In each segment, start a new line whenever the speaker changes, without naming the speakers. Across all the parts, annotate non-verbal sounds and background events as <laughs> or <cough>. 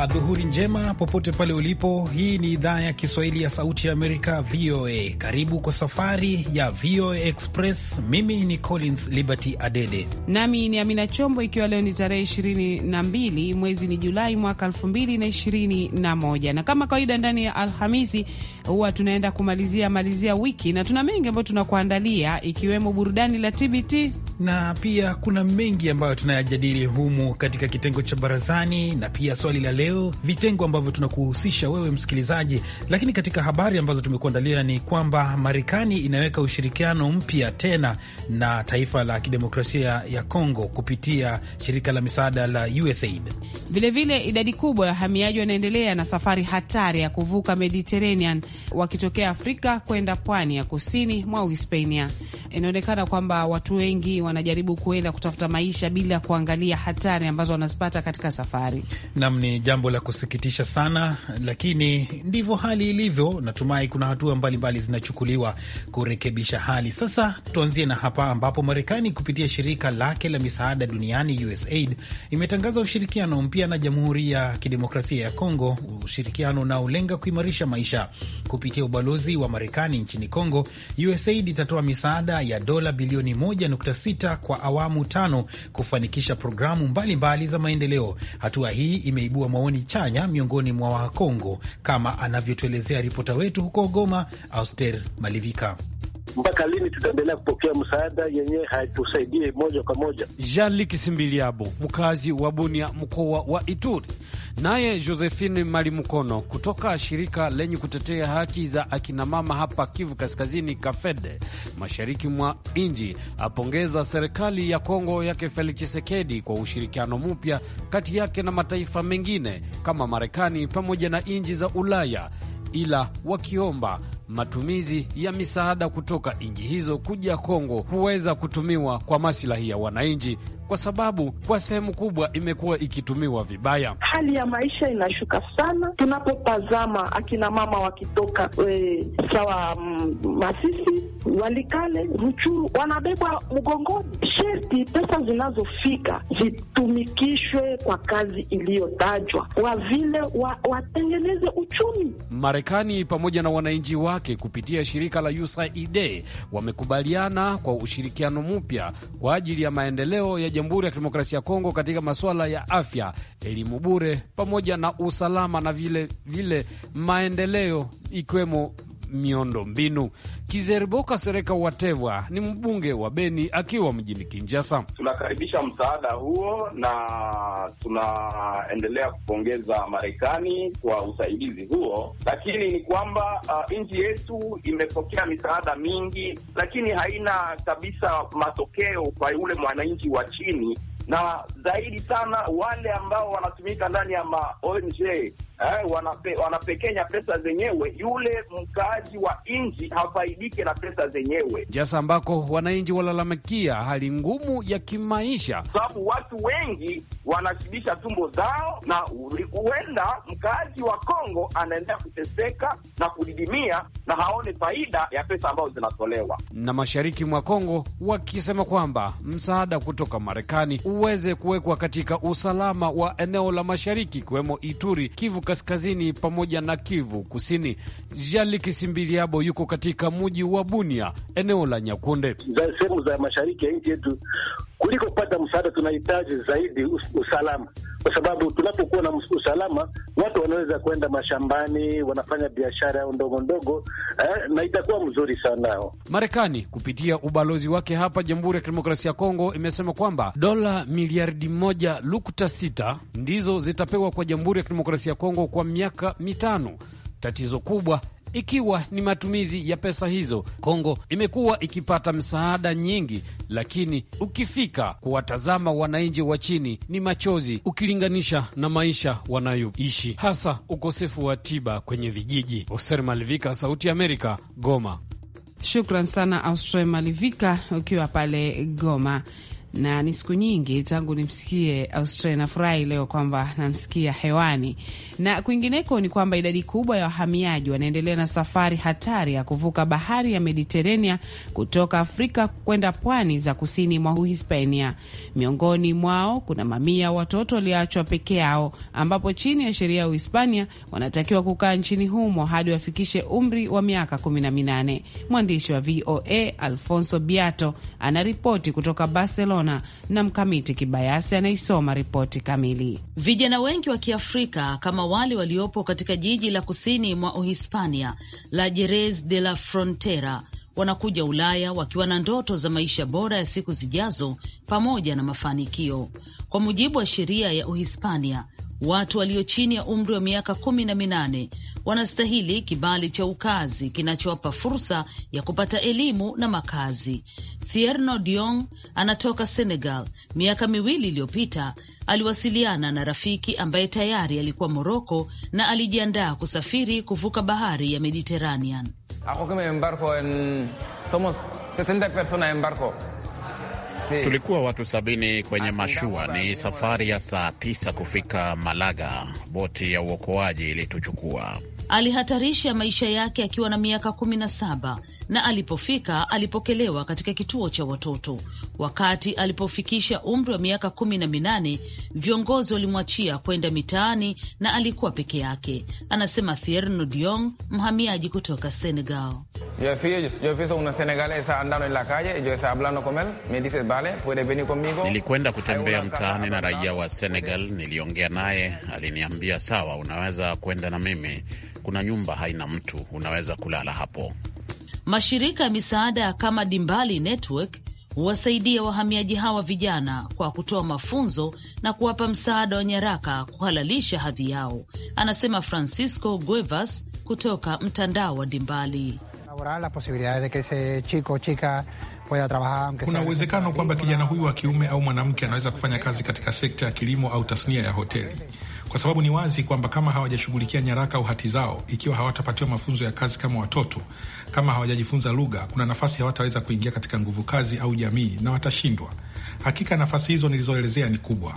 Adhuhuri
njema popote pale ulipo. Hii ni idhaa ya Kiswahili ya Sauti ya Amerika, VOA. Karibu kwa safari ya VOA Express. Mimi ni Collins Liberty Adede
nami ni Amina Chombo, ikiwa leo ni tarehe 22 mwezi ni Julai mwaka 2021, na kama kawaida ndani ya Alhamisi huwa tunaenda kumalizia malizia wiki na tuna mengi ambayo tunakuandalia ikiwemo burudani la TBT na pia kuna
mengi ambayo tunayajadili humu katika kitengo cha barazani na pia swali la leo leo, vitengo ambavyo tunakuhusisha wewe msikilizaji. Lakini katika habari ambazo tumekuandalia ni kwamba Marekani inaweka ushirikiano mpya tena na taifa la kidemokrasia ya Kongo kupitia shirika la misaada la USAID.
Vilevile idadi kubwa ya wahamiaji wanaendelea na safari hatari ya kuvuka Mediterranean wakitokea Afrika kwenda pwani ya kusini mwa Uhispania. Inaonekana kwamba watu wengi wanajaribu kuenda kutafuta maisha bila kuangalia hatari ambazo wanazipata katika safari.
Naam, ni jambo la kusikitisha sana, lakini ndivyo hali ilivyo. Natumai kuna hatua mbalimbali zinachukuliwa kurekebisha hali. Sasa tuanzie na hapa ambapo Marekani kupitia shirika lake la misaada duniani USAID imetangaza ushirikiano mpya na Jamhuri ya Kidemokrasia ya Kongo, ushirikiano unaolenga kuimarisha maisha. Kupitia ubalozi wa Marekani nchini Kongo, USAID itatoa misaada ya dola bilioni 1.6 kwa awamu tano kufanikisha programu mbalimbali mbali za maendeleo. Hatua hii imeibua maoni maoni chanya miongoni mwa Wakongo, kama anavyotuelezea ripota wetu huko Goma, Auster Malivika.
Mpaka lini tutaendelea kupokea msaada yenyewe haitusaidie moja kwa moja? Jean Luc Simbiliabo, mkazi wa Bunia, mkoa wa Ituri, Naye Josephine Malimukono kutoka shirika lenye kutetea haki za akinamama hapa Kivu Kaskazini, Kafede, mashariki mwa nchi, apongeza serikali ya Kongo yake Felix chisekedi kwa ushirikiano mpya kati yake na mataifa mengine kama Marekani pamoja na nchi za Ulaya, ila wakiomba matumizi ya misaada kutoka nchi hizo kuja Kongo huweza kutumiwa kwa masilahi ya wananchi kwa sababu kwa sehemu kubwa imekuwa ikitumiwa vibaya.
Hali ya maisha inashuka
sana. Tunapotazama akina mama wakitoka e, sawa m, mm, Masisi, Walikale, Ruchuru, wanabebwa mgongoni. Sherti pesa zinazofika zitumikishwe kwa kazi iliyotajwa, kwa vile wa, watengeneze uchumi.
Marekani pamoja na wananchi wake kupitia shirika la USAID wamekubaliana kwa ushirikiano mpya kwa ajili ya maendeleo ya Jamhuri ya Kidemokrasia ya Kongo katika masuala ya afya, elimu bure, pamoja na usalama na vile vile maendeleo ikiwemo miondo mbinu. Kizeriboka Sereka Watevwa ni mbunge wa Beni akiwa mjini Kinjasa. Tunakaribisha
msaada huo na tunaendelea kupongeza Marekani kwa usaidizi huo, lakini ni kwamba uh, nchi yetu imepokea misaada mingi, lakini haina kabisa matokeo kwa yule mwananchi wa chini na zaidi sana wale ambao wanatumika ndani ya ma ONG eh, wanape, wanapekenya pesa zenyewe, yule mkaaji wa nji hafaidike na pesa zenyewe,
jasa ambako wananchi walalamikia hali ngumu ya kimaisha,
sababu watu wengi wanashibisha tumbo zao, na huenda mkaaji wa Kongo anaendelea kuteseka na kudidimia na haone faida ya pesa ambazo zinatolewa
na mashariki mwa Kongo, wakisema kwamba msaada kutoka Marekani uweze kuwekwa katika usalama wa eneo la mashariki, ikiwemo Ituri, Kivu Kaskazini pamoja na Kivu Kusini. Jali Kisimbiliabo yuko katika mji wa Bunia, eneo la Nyakunde,
sehemu za mashariki ya nchi yetu Kuliko kupata msaada, tunahitaji zaidi usalama, kwa sababu tunapokuwa na usalama watu wanaweza kwenda mashambani, wanafanya biashara yao ndogo ndogo eh, na itakuwa mzuri
sana. Marekani kupitia ubalozi wake hapa Jamhuri ya Kidemokrasia ya Kongo imesema kwamba dola miliardi moja nukta sita ndizo zitapewa kwa Jamhuri ya Kidemokrasia ya Kongo kwa miaka mitano. Tatizo kubwa ikiwa ni matumizi ya pesa hizo. Kongo imekuwa ikipata msaada nyingi, lakini ukifika kuwatazama wananchi wa chini ni machozi, ukilinganisha na maisha wanayoishi, hasa ukosefu wa tiba kwenye vijiji. Oser Malivika, Sauti ya Amerika, Goma.
Shukran sana Austral Malivika ukiwa pale Goma na ni siku nyingi tangu nimsikie Australia. Nafurahi leo kwamba namsikia hewani. Na kwingineko ni kwamba idadi kubwa ya wahamiaji wanaendelea na safari hatari ya kuvuka bahari ya Mediterania kutoka Afrika kwenda pwani za kusini mwa Uhispania. Miongoni mwao kuna mamia watoto walioachwa peke yao, ambapo chini ya sheria ya Uhispania wanatakiwa kukaa nchini humo hadi wafikishe umri wa miaka kumi na minane. Mwandishi wa VOA Alfonso Biato anaripoti kutoka Barcelona. Barcelona na Mkamiti Kibayasi anaisoma ripoti kamili.
Vijana wengi wa Kiafrika kama wale waliopo katika jiji la kusini mwa Uhispania la Jerez de la Frontera wanakuja Ulaya wakiwa na ndoto za maisha bora ya siku zijazo pamoja na mafanikio. Kwa mujibu wa sheria ya Uhispania, watu walio chini ya umri wa miaka kumi na minane wanastahili kibali cha ukazi kinachowapa fursa ya kupata elimu na makazi. Thierno Diong anatoka Senegal. Miaka miwili iliyopita aliwasiliana na rafiki ambaye tayari alikuwa Moroko na alijiandaa kusafiri kuvuka bahari ya Mediteranean.
Tulikuwa watu sabini kwenye mashua. Ni safari ya saa tisa kufika Malaga. Boti ya uokoaji ilituchukua.
Alihatarisha maisha yake akiwa na miaka kumi na saba na alipofika alipokelewa katika kituo cha watoto. Wakati alipofikisha umri wa miaka kumi na minane, viongozi walimwachia kwenda mitaani na alikuwa peke yake, anasema Thierno Diong, mhamiaji kutoka Senegal.
Nilikwenda
kutembea mtaani na raia wa Senegal, niliongea naye, aliniambia sawa, unaweza kwenda na mimi, kuna nyumba haina mtu, unaweza kulala hapo.
Mashirika ya misaada kama Dimbali Network huwasaidia wahamiaji hawa vijana kwa kutoa mafunzo na kuwapa msaada wa nyaraka kuhalalisha hadhi yao, anasema Francisco Guevas kutoka mtandao wa Dimbali. Kuna uwezekano
kwamba kijana huyu wa kiume au mwanamke anaweza kufanya kazi katika sekta ya kilimo au tasnia ya hoteli kwa sababu ni wazi kwamba kama hawajashughulikia nyaraka au hati zao, ikiwa hawatapatiwa mafunzo ya kazi kama watoto, kama hawajajifunza lugha, kuna nafasi hawataweza kuingia katika nguvu kazi au jamii na watashindwa. Hakika nafasi hizo nilizoelezea ni kubwa.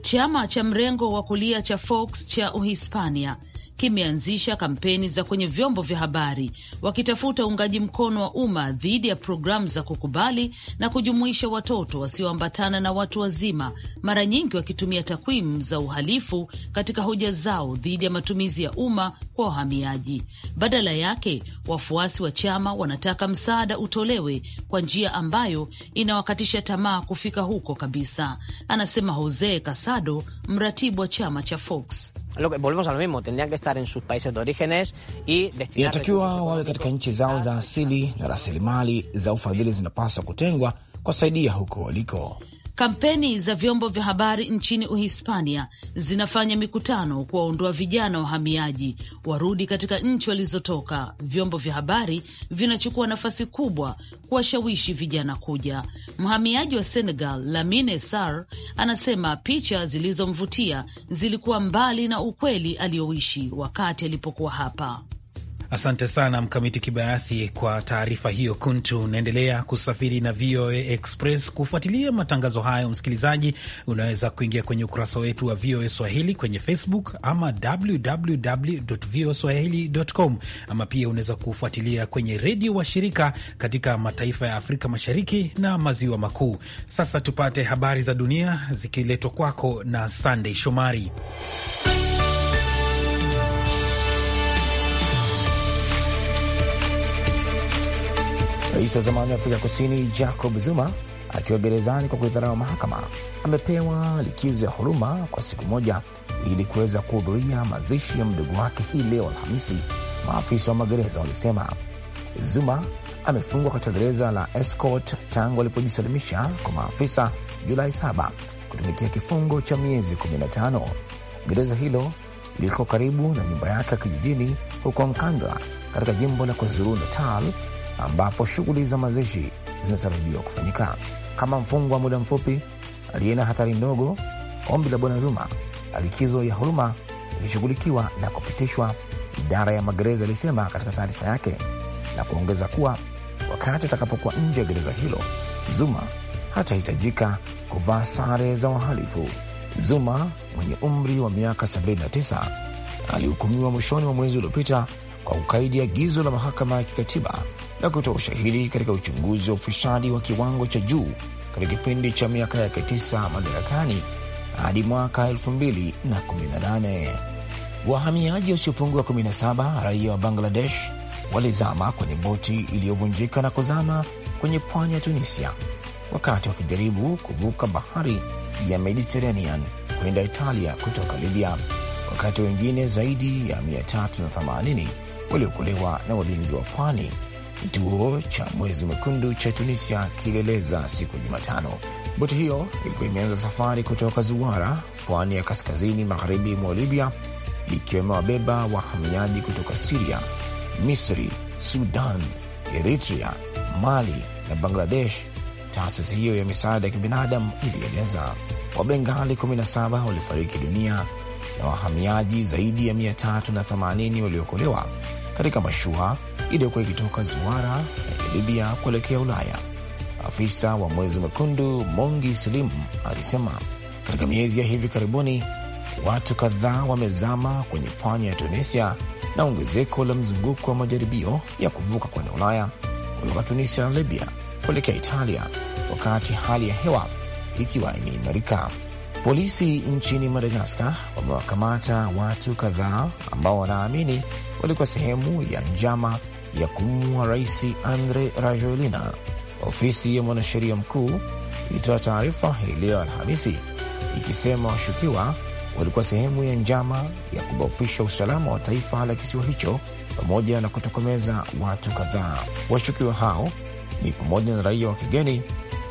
Chama cha mrengo wa kulia cha Fox cha Uhispania kimeanzisha kampeni za kwenye vyombo vya habari wakitafuta uungaji mkono wa umma dhidi ya programu za kukubali na kujumuisha watoto wasioambatana na watu wazima, mara nyingi wakitumia takwimu za uhalifu katika hoja zao dhidi ya matumizi ya umma kwa wahamiaji. Badala yake, wafuasi wa chama wanataka msaada utolewe kwa njia ambayo inawakatisha tamaa kufika huko kabisa, anasema Jose Casado, mratibu wa chama cha Fox. Lo que, volvemos a lo mismo, tendrían que estar en sus países de orígenes y destinar.
Inatakiwa wawe katika nchi zao za asili na rasilimali za ufadhili zinapaswa kutengwa kusaidia huko waliko.
Kampeni za vyombo vya habari nchini Uhispania zinafanya mikutano kuwaondoa vijana wahamiaji warudi katika nchi walizotoka. Vyombo vya habari vinachukua nafasi kubwa kuwashawishi vijana kuja. Mhamiaji wa Senegal Lamine sar anasema picha zilizomvutia zilikuwa mbali na ukweli aliyoishi wakati alipokuwa hapa.
Asante sana Mkamiti Kibayasi kwa taarifa hiyo. Kuntu unaendelea kusafiri na VOA Express. Kufuatilia matangazo hayo, msikilizaji, unaweza kuingia kwenye ukurasa wetu wa VOA Swahili kwenye Facebook ama www www.voaswahili.com, ama pia unaweza kufuatilia kwenye redio wa shirika katika mataifa ya Afrika Mashariki na Maziwa Makuu. Sasa tupate habari za dunia zikiletwa kwako na Sandey Shomari.
Rais wa zamani wa Afrika Kusini Jacob Zuma akiwa gerezani kwa kuidharau mahakama amepewa likizo ya huruma kwa siku moja ili kuweza kuhudhuria mazishi ya mdogo wake hii leo Alhamisi, maafisa wa magereza walisema. Zuma amefungwa katika gereza la Escort tangu alipojisalimisha kwa maafisa Julai 7 kutumikia kifungo cha miezi 15. Gereza hilo liko karibu na nyumba yake ya kijijini huko Nkandla katika jimbo la KwaZulu Natal ambapo shughuli za mazishi zinatarajiwa kufanyika. Kama mfungwa wa muda mfupi aliye na hatari ndogo, ombi la Bwana Zuma la likizo ya huruma ilishughulikiwa na kupitishwa, idara ya magereza ilisema katika taarifa yake, na kuongeza kuwa wakati atakapokuwa nje ya gereza hilo, Zuma hatahitajika kuvaa sare za wahalifu. Zuma mwenye umri wa miaka 79 alihukumiwa mwishoni mwa mwezi uliopita kwa kukaidi agizo la mahakama ya kikatiba na kutoa ushahidi katika uchunguzi wa ufisadi wa kiwango cha juu katika kipindi cha miaka yake tisa madarakani hadi mwaka 2018. Wahamiaji wasiopungua 17 raia wa Bangladesh walizama kwenye boti iliyovunjika na kuzama kwenye pwani ya Tunisia wakati wakijaribu kuvuka bahari ya Mediterranean kwenda Italia kutoka Libya, wakati wengine zaidi ya 380 waliokolewa na walinzi wa pwani. Kituo cha Mwezi Mwekundu cha Tunisia kilieleza siku ya Jumatano boti hiyo ilikuwa imeanza safari kutoka Zuwara, pwani ya kaskazini magharibi mwa Libya, ikiwa imewabeba wahamiaji kutoka Siria, Misri, Sudan, Eritrea, Mali na Bangladesh. Taasisi hiyo ya misaada ya kibinadamu ilieleza Wabengali 17 walifariki dunia na wahamiaji zaidi ya 380 waliokolewa katika mashua iliyokuwa ikitoka zuara ya Libya kuelekea Ulaya. Afisa wa Mwezi Mwekundu Mongi Slim alisema katika miezi ya hivi karibuni watu kadhaa wamezama kwenye pwani ya Tunisia na ongezeko la mzunguko wa majaribio ya kuvuka kwenda Ulaya kutoka Tunisia na Libya kuelekea Italia, wakati hali ya hewa ikiwa imeimarika. Polisi nchini Madagaskar wamewakamata watu kadhaa ambao wanaamini walikuwa sehemu ya njama ya kumua Rais Andre Rajoelina. Ofisi ya mwanasheria mkuu ilitoa taarifa hii leo Alhamisi ikisema washukiwa walikuwa sehemu ya njama ya kudhoofisha usalama wa taifa la kisiwa hicho pamoja na kutokomeza watu kadhaa. Washukiwa hao ni pamoja na raia wa kigeni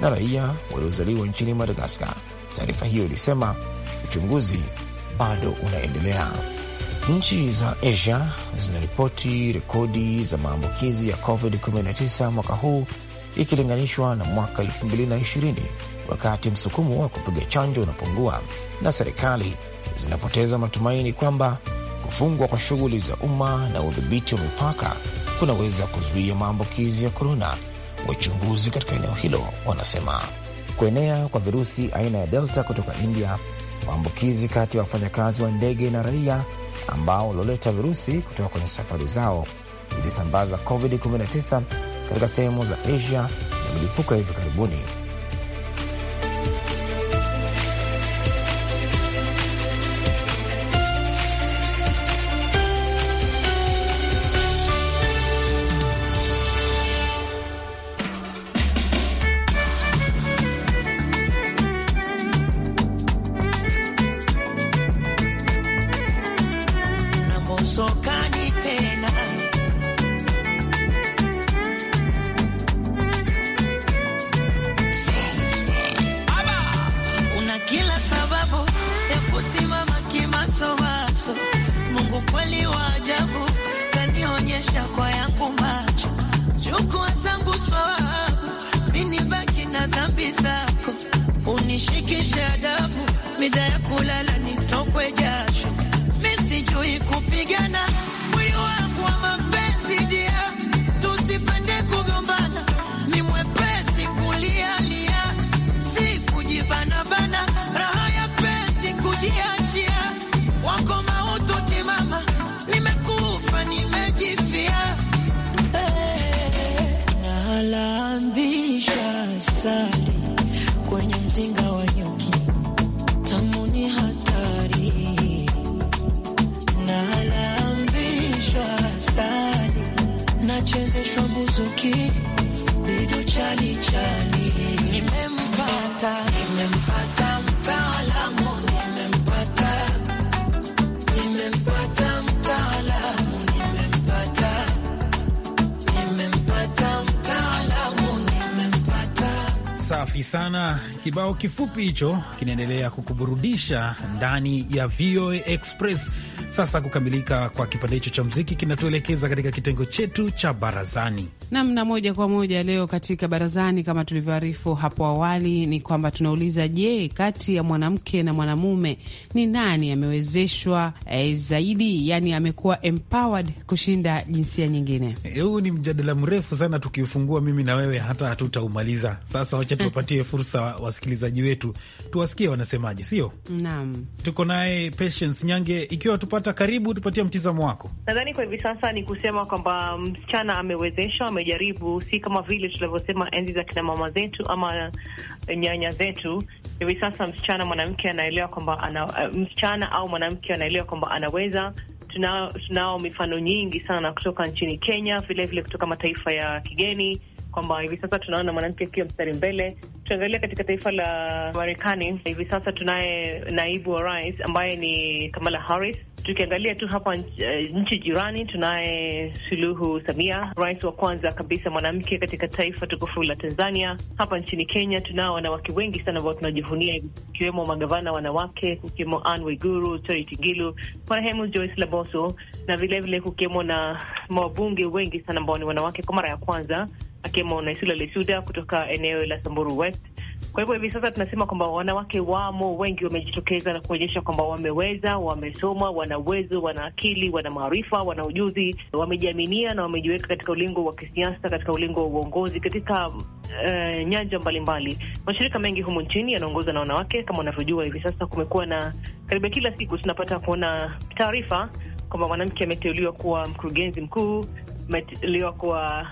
na raia waliozaliwa nchini Madagaskar. Taarifa hiyo ilisema uchunguzi bado unaendelea. Nchi za Asia zinaripoti rekodi za maambukizi ya COVID-19 mwaka huu ikilinganishwa na mwaka 2020 wakati msukumo wa kupiga chanjo unapungua na serikali zinapoteza matumaini kwamba kufungwa kwa shughuli za umma na udhibiti wa mipaka kunaweza kuzuia maambukizi ya korona. Wachunguzi katika eneo hilo wanasema kuenea kwa virusi aina ya Delta kutoka India, maambukizi kati ya wafanyakazi wa ndege na raia ambao walioleta virusi kutoka kwenye safari zao ilisambaza COVID-19 katika sehemu za Asia na milipuko ya hivi karibuni
小怪羊不满。buzuki chali chali, nimempata nimempata mtaalamu nimempata nimempata mtaalamu nimempata nimempata mtaalamu nimempata.
Safi sana, kibao kifupi hicho kinaendelea kukuburudisha ndani ya VOA Express sasa kukamilika kwa kipande hicho cha mziki kinatuelekeza katika kitengo chetu cha barazani
namna moja kwa moja. Leo katika barazani, kama tulivyoarifu hapo awali, ni kwamba tunauliza je, kati ya mwanamke na mwanamume ni nani amewezeshwa eh, zaidi, yani amekuwa empowered kushinda jinsia nyingine?
Eh, huu ni mjadala mrefu sana, tukiufungua mimi na wewe hata hatutaumaliza. Sasa wacha tuwapatie <laughs> fursa wasikilizaji wetu, tuwasikie wanasemaje, sio? Naam, tuko naye Patience Nyange, ikiwa tupate kupata karibu, tupatie mtizamo wako.
Nadhani kwa hivi sasa ni kusema kwamba msichana amewezeshwa, amejaribu, si kama vile tunavyosema enzi za kina mama zetu ama eh, nyanya zetu. Hivi sasa msichana mwanamke anaelewa kwamba ana, uh, msichana au mwanamke anaelewa kwamba anaweza tunao, tunao mifano nyingi sana kutoka nchini Kenya, vilevile vile kutoka mataifa ya kigeni kwamba hivi sasa tunaona mwanamke akiwa mstari mbele. Tuangalia katika taifa la Marekani hivi sasa tunaye naibu wa rais ambaye ni Kamala Harris. Tukiangalia tu hapa eh, nchi jirani, tunaye Suluhu Samia, rais wa kwanza kabisa mwanamke katika taifa tukufu la Tanzania. Hapa nchini Kenya tunao wanawake wengi sana ambao tunajivunia, ikiwemo magavana wanawake, kukiwemo Anne Waiguru, Charity Ngilu, marehemu Joyce Laboso, na vilevile kukiwemo na mawabunge wengi sana ambao ni wanawake kwa mara ya kwanza akiwemo Naisula Lesuda kutoka eneo la Samburu West. Kwa hivyo hivi sasa tunasema kwamba wanawake wamo wengi, wamejitokeza na kuonyesha kwamba wameweza, wamesoma, wana uwezo, wana akili, wana maarifa, wana ujuzi, wamejiaminia na wamejiweka katika ulingo wa kisiasa, katika ulingo wa uongozi, katika uh, nyanja mbalimbali. Mashirika mengi humu nchini yanaongozwa na wanawake. Kama unavyojua, hivi sasa kumekuwa na karibu kila siku tunapata kuona taarifa kwamba mwanamke ameteuliwa kuwa mkurugenzi mkuu, ameteuliwa kuwa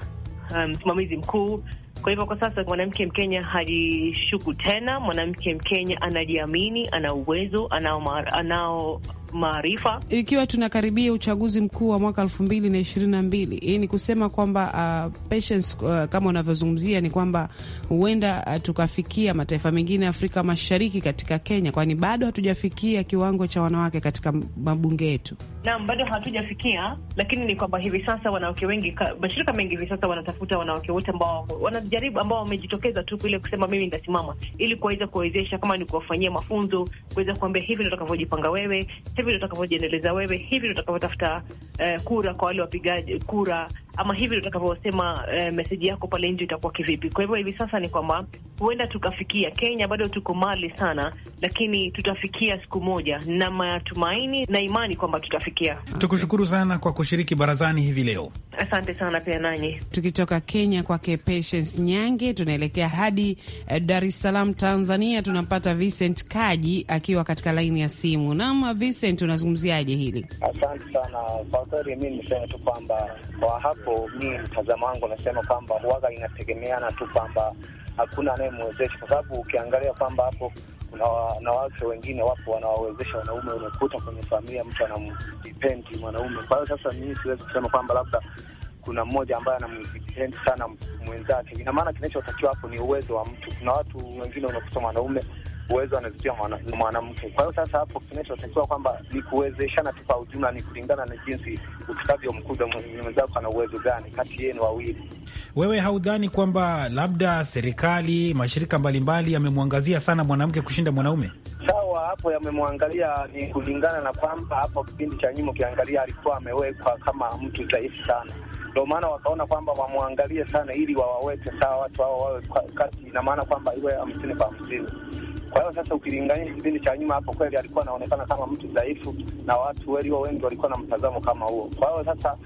Um, msimamizi um, mkuu. Kwa hivyo kwa sasa mwanamke Mkenya hajishuku tena. Mwanamke Mkenya anajiamini, ana uwezo, anao maarifa.
Ikiwa tunakaribia uchaguzi mkuu wa mwaka elfu mbili na ishirini na mbili, hii ni kusema kwamba uh, patience, uh, kama unavyozungumzia ni kwamba huenda uh, tukafikia mataifa mengine Afrika Mashariki katika Kenya, kwani bado hatujafikia kiwango cha wanawake katika mabunge yetu.
Naam, bado hatujafikia, lakini ni kwamba hivi sasa wanawake wengi, mashirika mengi hivi sasa wanatafuta wanawake wote ambao wanajaribu, ambao wamejitokeza tu ile kusema mimi nitasimama, ili kuweza kuwawezesha, kama ni kuwafanyia mafunzo, kuweza kuambia hivi ndio utakavyojipanga wewe, hivi ndio utakavyojiendeleza wewe, hivi ndio utakavyotafuta eh, kura kwa wale wapigaji kura, ama hivi utakavyosema e, eh, meseji yako pale nje itakuwa kivipi. Kwa hivyo hivi sasa ni kwamba huenda tukafikia. Kenya bado tuko mbali sana, lakini tutafikia siku moja, na matumaini na imani kwamba tutafikia. Tukushukuru
sana kwa kushiriki barazani hivi leo,
asante sana pia nanyi. Tukitoka Kenya kwake Patience Nyange, tunaelekea hadi eh, Dar es Salaam Tanzania. Tunampata Vincent Kaji akiwa katika laini ya simu. Naam, Vincent, unazungumziaje hili? Asante
sana kwa kweli, mi niseme tu kwamba kwa hapo, mi mtazamo wangu nasema kwamba huwaga inategemeana tu kwamba hakuna anayemwezesha, kwa sababu ukiangalia kwamba hapo kuna wanawake wengine wapo wanawawezesha wanaume. Unakuta kwenye familia mtu anamdipendi mwanaume. Kwa hiyo sasa, mimi siwezi kusema kwamba labda kuna mmoja ambaye anamdipendi sana mwenzake. Ina maana kinachotakiwa hapo ni uwezo wa mtu. Kuna watu wengine unakuta mwanaume uwezo anazitia mwanamke mwana. Kwa hiyo sasa, hapo kinachotakiwa kwamba ni kuwezeshana tu kwa ujumla, ni kulingana na jinsi ukivyomkuza mwenzako ana uwezo gani, kati yenu wawili.
Wewe haudhani kwamba labda serikali, mashirika mbalimbali yamemwangazia sana mwanamke kushinda mwanaume?
Sawa, hapo yamemwangalia, ni kulingana na kwamba hapo kipindi cha nyuma ukiangalia, alikuwa amewekwa kama mtu dhaifu sana ndio maana wakaona kwamba wamwangalie sana ili wawaweke sawa watu hao wawe kati. Ina maana kwamba iwe hamsini kwa hamsini. Kwa hiyo sasa, ukilinganisha kipindi cha nyuma, hapo kweli alikuwa anaonekana kama mtu dhaifu, na watu walio wengi walikuwa na mtazamo kama huo. Kwa hiyo sasa,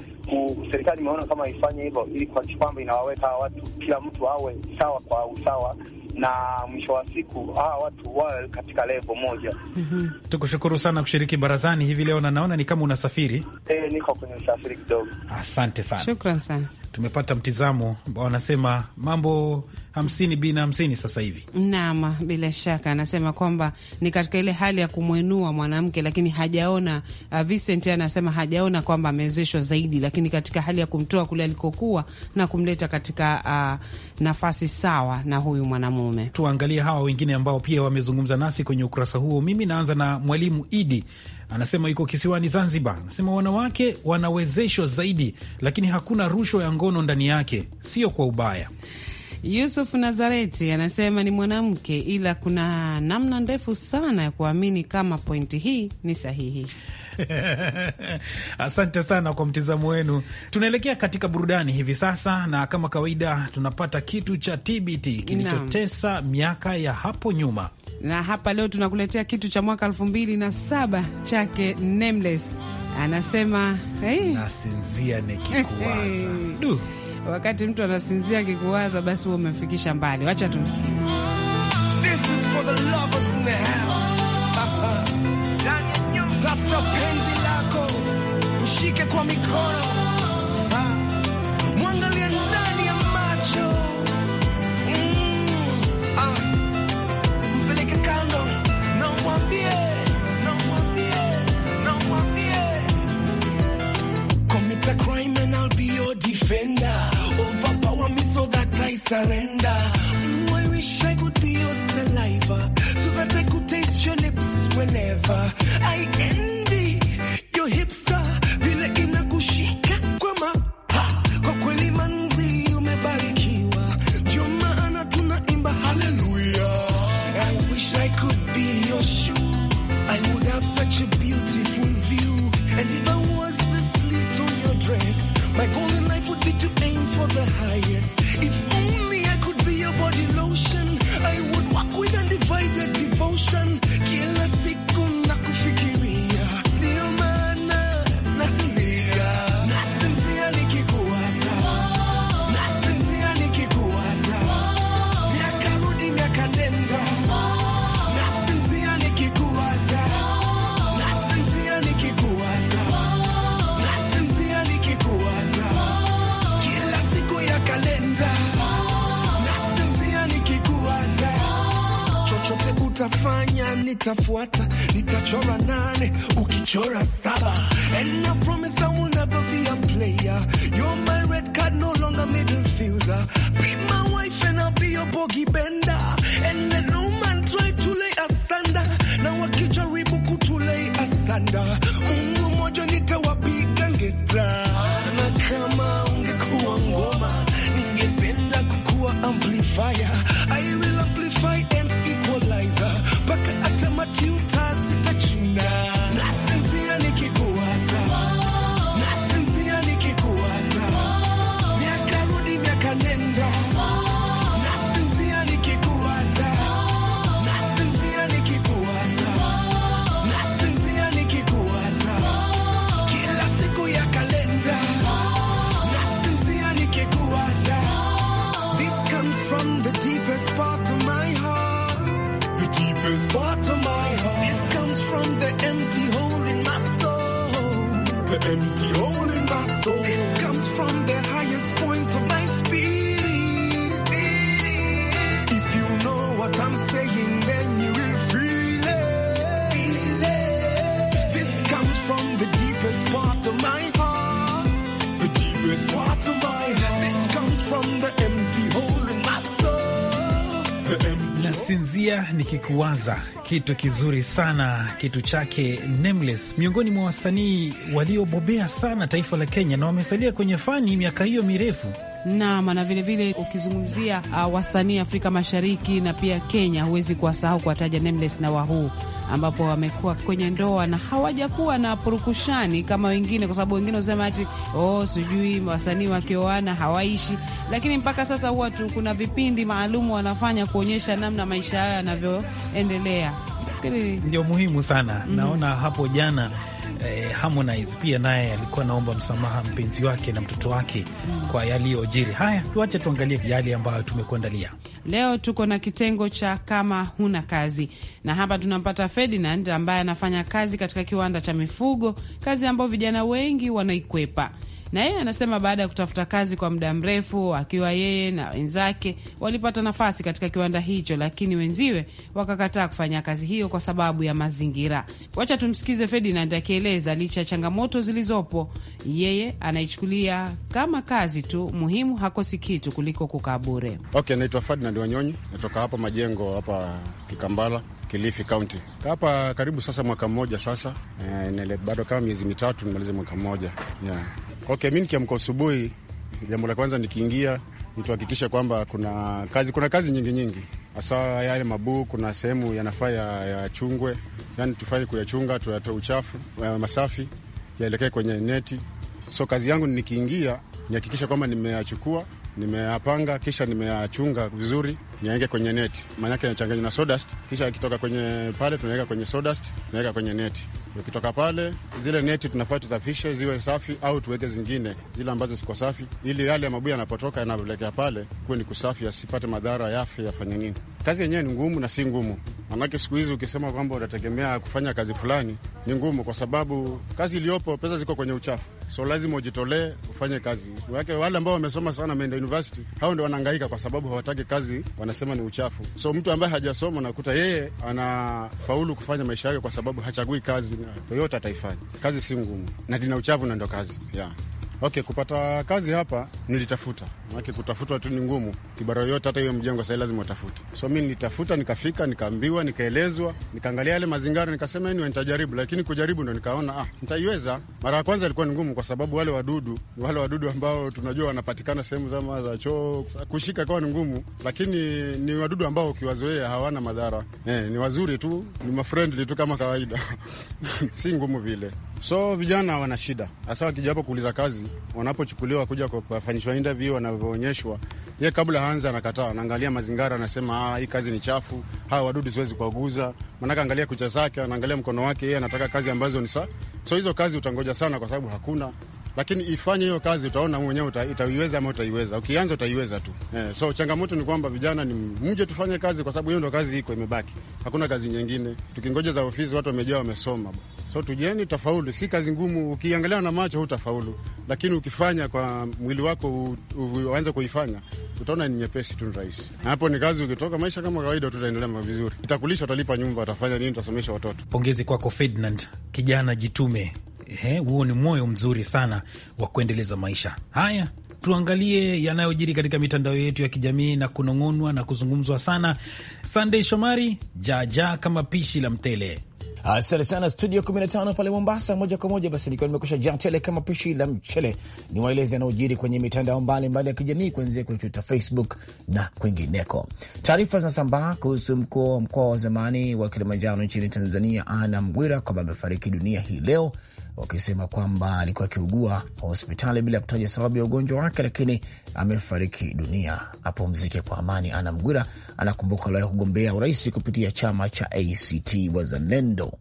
serikali imeona kama ifanye hivyo, ili kuhakikisha kwamba inawaweka watu, kila mtu awe sawa kwa usawa na mwisho wa siku hawa watu wawe katika
levo moja. mm -hmm. Tukushukuru sana kushiriki barazani hivi leo, na naona ni kama unasafiri. E, niko kwenye usafiri kidogo. Asante sana, shukran sana. Tumepata mtizamo, ambao wanasema mambo hamsini bina hamsini sasa hivi.
Naam, bila shaka anasema kwamba ni katika ile hali ya kumwinua mwanamke, lakini hajaona uh, Vincent anasema hajaona kwamba amewezeshwa zaidi, lakini katika hali ya kumtoa kule alikokuwa na kumleta katika uh, nafasi sawa na huyu mwanamume wanaume. Tuangalie hawa wengine ambao pia wamezungumza nasi kwenye
ukurasa huo. Mimi naanza na Mwalimu Idi, anasema iko kisiwani Zanzibar, anasema wanawake wanawezeshwa zaidi, lakini hakuna rushwa ya ngono ndani yake, sio kwa ubaya.
Yusuf Nazareti anasema ni mwanamke, ila kuna namna ndefu sana ya kuamini kama pointi hii ni sahihi. <laughs>
Asante sana kwa mtizamo wenu. Tunaelekea katika burudani hivi sasa, na kama kawaida tunapata kitu cha
TBT
kilichotesa miaka ya hapo nyuma,
na hapa leo tunakuletea kitu cha mwaka elfu mbili na saba chake Nameless anasema hey, nasinzia nikikuwaza. <laughs> Du, wakati mtu anasinzia akikuwaza, basi huo umemfikisha mbali. Wacha tumsikilize.
mikono, wish I could be your shoe. I would have such a beautiful view. And if I was the slit on your dress, my goal in life would be to aim for the highest. If only I could be your body lotion, I would walk with undivided devotion. nitafuata, nitachora nane, ukichora saba. And I promise I will never be a player. You're my red card, no longer middle fielder. Be my wife and I'll be your bogey bender. And let no man try to lay asunder. Na wakijaribu kutulay asunder. It comes from the highest point of my spirit. If you know what I'm
Nasinzia nikikuwaza kitu kizuri sana, kitu chake Nameless, miongoni mwa wasanii waliobobea sana taifa la Kenya na wamesalia kwenye fani miaka hiyo mirefu.
Naam, na vilevile ukizungumzia uh, wasanii Afrika Mashariki na pia Kenya, huwezi kuwasahau kuwataja Nameless na Wahuu ambapo wamekuwa kwenye ndoa na hawajakuwa na purukushani kama wengine, kwa sababu wengine husema ati oh, sijui wasanii wakioana hawaishi, lakini mpaka sasa huwa kuna vipindi maalum wanafanya kuonyesha namna maisha hayo yanavyoendelea nafikiri
ndio muhimu sana mm -hmm. Naona hapo jana eh, Harmonize pia naye alikuwa naomba msamaha mpenzi wake na mtoto wake mm. kwa yaliyojiri. Haya, tuache tuangalie yale ambayo tumekuandalia
leo. Tuko na kitengo cha kama huna kazi, na hapa tunampata Ferdinand ambaye anafanya kazi katika kiwanda cha mifugo, kazi ambayo vijana wengi wanaikwepa na yeye anasema baada ya kutafuta kazi kwa muda mrefu, akiwa yeye na wenzake walipata nafasi katika kiwanda hicho, lakini wenziwe wakakataa kufanya kazi hiyo kwa sababu ya mazingira. Wacha tumsikize Ferdinand akieleza licha ya changamoto zilizopo, yeye anaichukulia kama kazi tu, muhimu hakosi kitu kuliko kukaa bure.
Okay, naitwa Ferdinand Wanyonyi, natoka hapa majengo hapa Kikambala Kilifi County. Hapa karibu sasa mwaka mmoja sasa, e, bado kama miezi mitatu nimalize mwaka mmoja yeah. Okay, mi nikiamka asubuhi, jambo la kwanza nikiingia nituhakikisha kwamba kuna kazi, kuna kazi nyingi nyingi, hasa yale mabuu. Kuna sehemu yanafaa yachungwe ya yani tufanye kuyachunga, tuyatoe uchafu eh, masafi yaelekee kwenye neti. So kazi yangu nikiingia nihakikisha kwamba nimeyachukua nimeyapanga kisha nimeyachunga vizuri, niaweke kwenye neti, maanake nachanganywa na sawdust. Kisha akitoka kwenye pale tunaweka kwenye sawdust, tunaweka kwenye neti. Ukitoka pale, zile neti tunafaa tusafishe ziwe safi, au tuweke zingine zile ambazo siko safi, ili yale mabuya yanapotoka yanaelekea pale kuwe ni kusafi, asipate madhara ya afya yafanye nini. Kazi yenyewe ni ngumu na si ngumu, maanake siku hizi ukisema kwamba unategemea kufanya kazi fulani ni ngumu, kwa sababu kazi iliyopo, pesa ziko kwenye uchafu, so lazima ujitolee ufanye kazi yake. Wale ambao wamesoma sana, meenda university, hao ndio wanaangaika kwa sababu hawataki kazi, wanasema ni uchafu. So mtu ambaye hajasoma nakuta yeye anafaulu kufanya maisha yake kwa sababu hachagui kazi yoyote, ataifanya. Kazi si ngumu na lina uchafu, na ndo kazi yeah. Okay, kupata kazi hapa nilitafuta, manake kutafuta tu ni ngumu. Kibara yoyote hata hiyo mjengo sahii lazima utafute. So mi nilitafuta, nikafika, nikaambiwa, nikaelezwa, nikaangalia yale mazingira, nikasema niwe nitajaribu, lakini kujaribu ndo nikaona ah, nitaiweza. Mara ya kwanza ilikuwa ni ngumu, kwa sababu wale wadudu ni wale wadudu ambao tunajua wanapatikana sehemu zama za choo, kushika ikawa ni ngumu, lakini ni wadudu ambao ukiwazoea hawana madhara eh, ni wazuri tu, ni mafriendly tu kama kawaida <laughs> si ngumu vile. So vijana wana shida hasa wakija hapo kuuliza kazi kazi, wanapochukuliwa kuja kufanyishwa interview, wanavyoonyeshwa ye, kabla haanza anakataa, anaangalia mazingira, anasema ah, hii kazi ni chafu, hawa wadudu siwezi kuwaguza. Manake angalia kucha zake, anaangalia mkono wake, yeye anataka kazi ambazo ni sa So hizo kazi utangoja sana, kwa sababu hakuna lakini ifanye hiyo kazi, utaona mwenyewe uta, itaiweza ama utaiweza. Ukianza utaiweza tu eh. So changamoto ni kwamba vijana ni mje tufanye kazi, kwa sababu hiyo ndo kazi iko imebaki, hakuna kazi nyingine. Tukingoja za ofisi watu wamejaa, wamesoma So tujeni, tafaulu. Si kazi ngumu, ukiangalia na macho hutafaulu, lakini ukifanya kwa mwili wako, uanze kuifanya, utaona ni nyepesi tu, ni rahisi. hapo ni kazi, ukitoka maisha kama kawaida, tutaendelea vizuri, itakulisha, utalipa nyumba, utafanya nini, utasomesha watoto.
Pongezi kwako Ferdinand, kijana jitume huo ni moyo mzuri sana wa kuendeleza maisha haya. Tuangalie yanayojiri katika mitandao yetu ya kijamii na kunong'onwa na kuzungumzwa sana. sandey Shomari, jaajaa kama pishi la mtele.
Asante sana studio 15 pale Mombasa, moja kwa moja. Basi nikiwa nimekusha jaa tele kama pishi la mchele, ni waeleze yanayojiri kwenye mitandao mbalimbali ya kijamii, kuanzia kwenye Twitter, Facebook na kwingineko. Taarifa zinasambaa kuhusu mkuu wa mkoa wa zamani wa Kilimanjaro nchini Tanzania, Ana Mgwira, kwamba amefariki dunia hii leo wakisema kwamba alikuwa akiugua hospitali bila kutaja sababu ya ugonjwa wake, lakini amefariki dunia. Apumzike kwa amani. Ana Mgwira anakumbuka aliwahi kugombea urais kupitia chama cha ACT Wazalendo.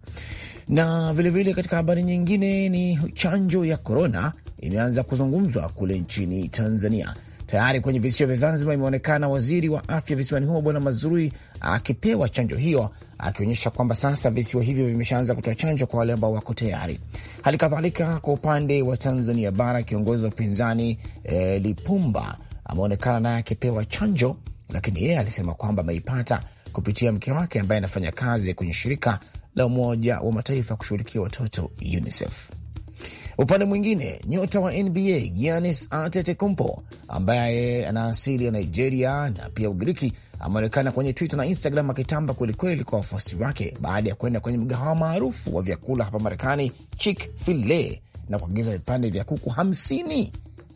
Na vilevile vile katika habari nyingine ni chanjo ya korona imeanza kuzungumzwa kule nchini Tanzania Tayari kwenye visiwa vya Zanzibar imeonekana waziri wa afya visiwani humo Bwana mazurui akipewa chanjo hiyo, akionyesha kwamba sasa visiwa hivyo vimeshaanza kutoa chanjo kwa wale ambao wako tayari. Hali kadhalika kwa upande wa Tanzania Bara, kiongozi wa upinzani e, Lipumba ameonekana naye akipewa chanjo, lakini yeye alisema kwamba ameipata kupitia mke wake ambaye anafanya kazi kwenye shirika la Umoja wa Mataifa kushughulikia watoto UNICEF. Upande mwingine, nyota wa NBA Giannis Antetokounmpo ambaye ana asili ya Nigeria na pia Ugiriki ameonekana kwenye Twitter na Instagram akitamba kwelikweli kwa wafuasi wake baada ya kwenda kwenye mgahawa maarufu wa vyakula hapa Marekani Chick-fil-A na kuagiza vipande vya kuku hamsini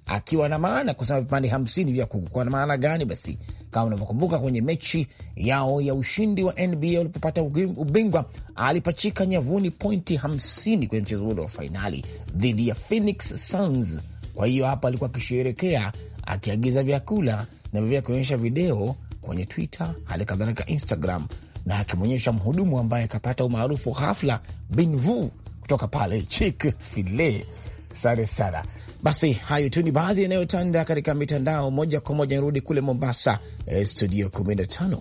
akiwa na maana kusema vipande hamsini vya kuku. Kwa maana gani basi? Kama unavyokumbuka kwenye mechi yao ya ushindi wa NBA ulipopata ubingwa, alipachika nyavuni pointi hamsini kwenye mchezo ule wa fainali dhidi ya Phoenix Suns. Kwa hiyo hapa alikuwa akisherekea akiagiza vyakula na vivyo kuonyesha video kwenye Twitter, hali kadhalika Instagram, na akimwonyesha mhudumu ambaye akapata umaarufu ghafla, Binvu kutoka pale Chick-fil-A Sare sana. Basi hayo tu ni baadhi yanayotanda katika mitandao. Moja kwa moja nirudi kule Mombasa, eh, studio 15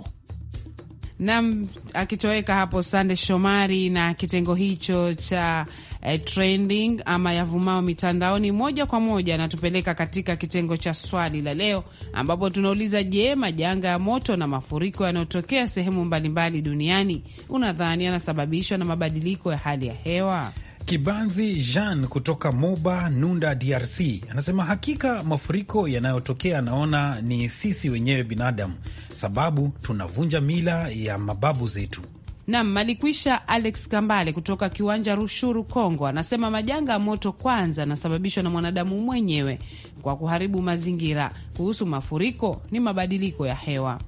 nam akitoweka hapo Sande Shomari na kitengo hicho cha eh, trending ama yavumao mitandaoni. Moja kwa moja anatupeleka katika kitengo cha swali la leo, ambapo tunauliza je, majanga ya moto na mafuriko yanayotokea sehemu mbalimbali duniani unadhani yanasababishwa na mabadiliko ya hali ya hewa?
Kibanzi Jean kutoka Moba Nunda, DRC anasema hakika mafuriko yanayotokea, anaona ni sisi wenyewe binadamu, sababu tunavunja mila ya mababu zetu.
Nam malikwisha. Alex Kambale kutoka kiwanja Rushuru, Kongo anasema majanga ya moto kwanza yanasababishwa na mwanadamu mwenyewe kwa kuharibu mazingira. Kuhusu mafuriko, ni mabadiliko ya hewa.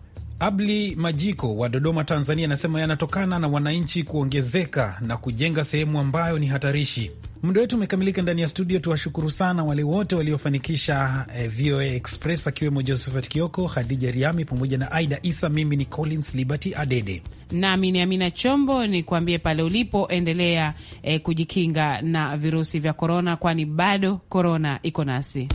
Abli Majiko wa Dodoma, Tanzania, anasema yanatokana na wananchi kuongezeka na kujenga sehemu ambayo ni hatarishi. Muda wetu umekamilika ndani ya studio. Tuwashukuru sana wale wote waliofanikisha eh, VOA Express akiwemo Josephat Kioko, hadija Riami pamoja na Aida Isa. Mimi ni Collins Liberty Adede
nami ni Amina Chombo ni kuambie pale ulipo endelea eh, kujikinga na virusi vya korona, kwani bado korona iko nasi.